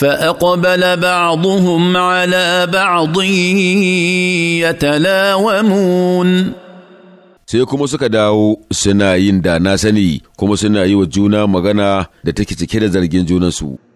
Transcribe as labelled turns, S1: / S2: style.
S1: فاقبل بعضهم على بعض يتلاومون
S2: sai kuma suka dawo suna yin da na sani kuma suna yi wa juna magana da take cike da zargin junansu.